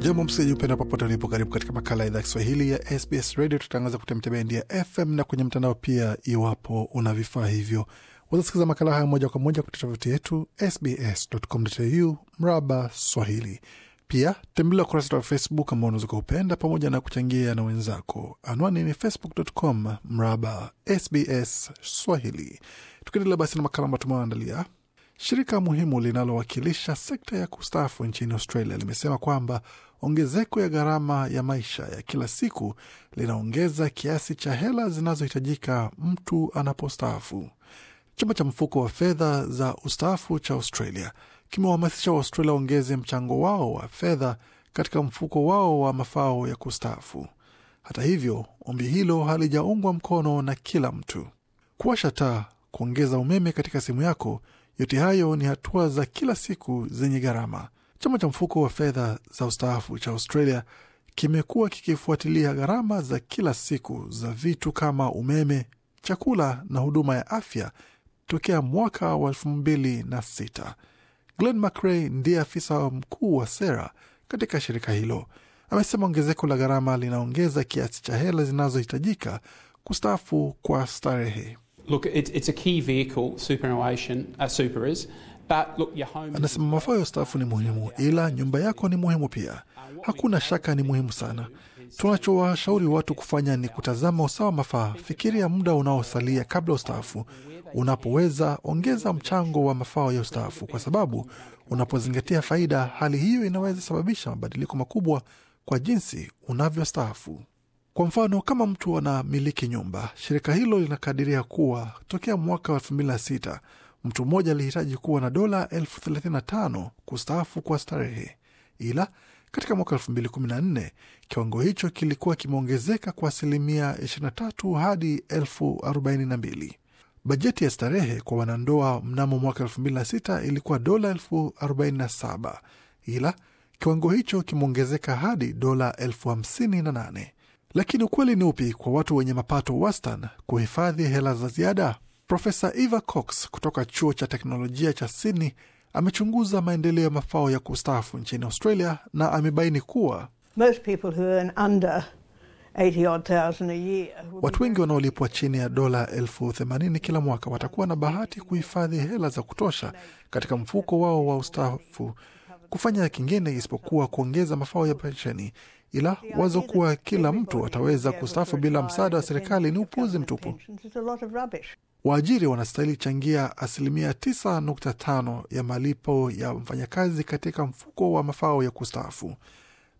Jambo msikilizaji popote ulipo, karibu katika makala ya idhaa Kiswahili ya SBS Radio. Tutatangaza kupitia bendi FM na kwenye mtandao pia. Iwapo una vifaa hivyo, wazasikiza makala haya moja kwa moja kupitia tovuti yetu sbs.com.au mraba Swahili. Pia tembelea ukurasa wa Facebook ambao unaweza kuupenda pamoja na kuchangia na wenzako. Anwani ni facebook.com mraba SBS Swahili. Tukiendelea basi na makala ambayo tumeandalia Shirika muhimu linalowakilisha sekta ya kustaafu nchini Australia limesema kwamba ongezeko ya gharama ya maisha ya kila siku linaongeza kiasi cha hela zinazohitajika mtu anapostaafu. Chama cha mfuko wa fedha za ustaafu cha Australia kimewahamasisha Waustralia waongeze mchango wao wa fedha katika mfuko wao wa mafao ya kustaafu. Hata hivyo, ombi hilo halijaungwa mkono na kila mtu. Kuwasha taa, kuongeza umeme katika simu yako yote hayo ni hatua za kila siku zenye gharama. Chama cha mfuko wa fedha za ustaafu cha Australia kimekuwa kikifuatilia gharama za kila siku za vitu kama umeme, chakula na huduma ya afya tokea mwaka wa elfu mbili na sita. Glen McRae ndiye afisa mkuu wa sera katika shirika hilo, amesema ongezeko la gharama linaongeza kiasi cha hela zinazohitajika kustaafu kwa starehe. Anasema mafao ya ustaafu ni muhimu, ila nyumba yako ni muhimu pia. Uh, Hakuna shaka, ni muhimu sana. Tunachowashauri watu kufanya ni kutazama usawa mafaa. Fikiria muda unaosalia kabla ustaafu. Unapoweza, ongeza mchango wa mafao ya ustaafu, kwa sababu unapozingatia faida, hali hiyo inaweza sababisha mabadiliko makubwa kwa jinsi unavyostaafu. Kwa mfano, kama mtu anamiliki nyumba, shirika hilo linakadiria kuwa tokea mwaka wa elfu mbili na sita mtu mmoja alihitaji kuwa na dola elfu thelathini na tano kustaafu kwa starehe, ila katika mwaka elfu mbili kumi na nne kiwango hicho kilikuwa kimeongezeka kwa asilimia 23 hadi elfu arobaini na mbili. Bajeti ya starehe kwa wanandoa mnamo mwaka elfu mbili na sita ilikuwa dola elfu arobaini na saba ila kiwango hicho kimeongezeka hadi dola elfu hamsini na nane. Lakini ukweli ni upi kwa watu wenye mapato wastan kuhifadhi hela za ziada? Profesa Eva Cox kutoka chuo cha teknolojia cha Sydney amechunguza maendeleo ya mafao ya kustaafu nchini Australia na amebaini kuwa watu wengi wanaolipwa chini ya dola elfu themanini kila mwaka watakuwa na bahati kuhifadhi hela za kutosha katika mfuko wao wa ustaafu kufanya kingine isipokuwa kuongeza mafao ya pensheni, ila wazo kuwa kila mtu ataweza kustaafu bila msaada wa serikali ni upuzi mtupu. Waajiri wanastahili changia asilimia 9.5 ya malipo ya mfanyakazi katika mfuko wa mafao ya kustaafu,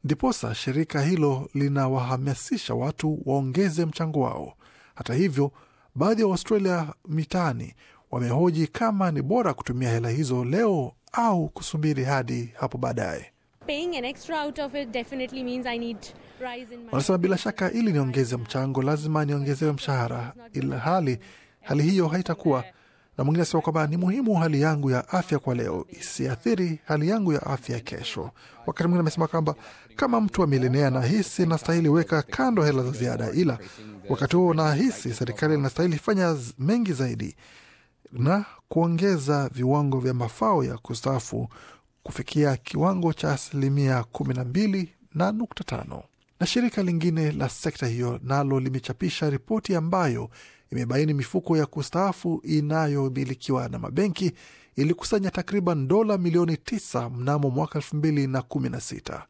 ndiposa shirika hilo linawahamasisha watu waongeze mchango wao. Hata hivyo, baadhi ya Waustralia mitaani wamehoji kama ni bora kutumia hela hizo leo au kusubiri hadi hapo baadaye. Wanasema bila shaka, ili niongeze mchango lazima niongezewe mshahara, ila hali hali hiyo haitakuwa na mwingine asema kwamba ni muhimu hali yangu ya afya kwa leo isiathiri hali yangu ya afya kesho. Wakati mwingine amesema kwamba kama mtu wa milenea nahisi nastahili weka kando hela za ziada, ila wakati huo nahisi serikali inastahili fanya mengi zaidi na kuongeza viwango vya mafao ya kustaafu kufikia kiwango cha asilimia kumi na mbili na nukta tano. Na shirika lingine la sekta hiyo nalo limechapisha ripoti ambayo imebaini mifuko ya kustaafu inayomilikiwa na mabenki ilikusanya takriban dola milioni 9 mnamo mwaka elfu mbili na kumi na sita.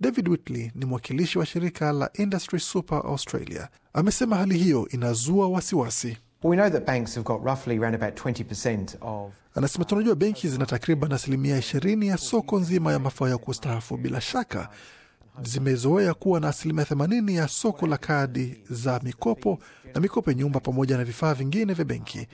David Whitley ni mwakilishi wa shirika la Industry Super Australia, amesema hali hiyo inazua wasiwasi wasi. Anasema tunajua benki zina takriban asilimia ishirini ya soko nzima ya mafao ya kustaafu. Bila shaka zimezoea kuwa na asilimia themanini ya soko la kadi za mikopo na mikopo ya nyumba pamoja na vifaa vingine vya benki.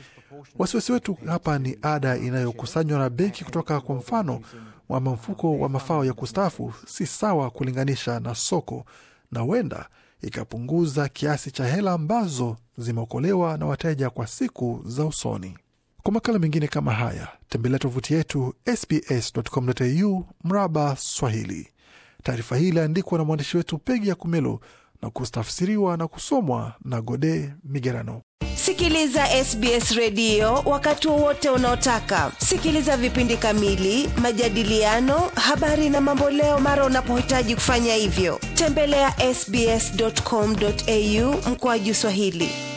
Wasiwasi wetu hapa ni ada inayokusanywa na benki kutoka kwa mfano wa mfuko wa mafao ya kustaafu si sawa kulinganisha na soko, na huenda ikapunguza kiasi cha hela ambazo zimeokolewa na wateja kwa siku za usoni. Kwa makala mengine kama haya tembelea tovuti yetu sbs.com.au mraba Swahili. Taarifa hii iliandikwa na mwandishi wetu Pegi ya Kumelo na kutafsiriwa na kusomwa na Gode Migerano sikiliza sbs redio wakati wowote unaotaka sikiliza vipindi kamili majadiliano habari na mamboleo mara unapohitaji kufanya hivyo tembelea ya sbscomau mkoaju swahili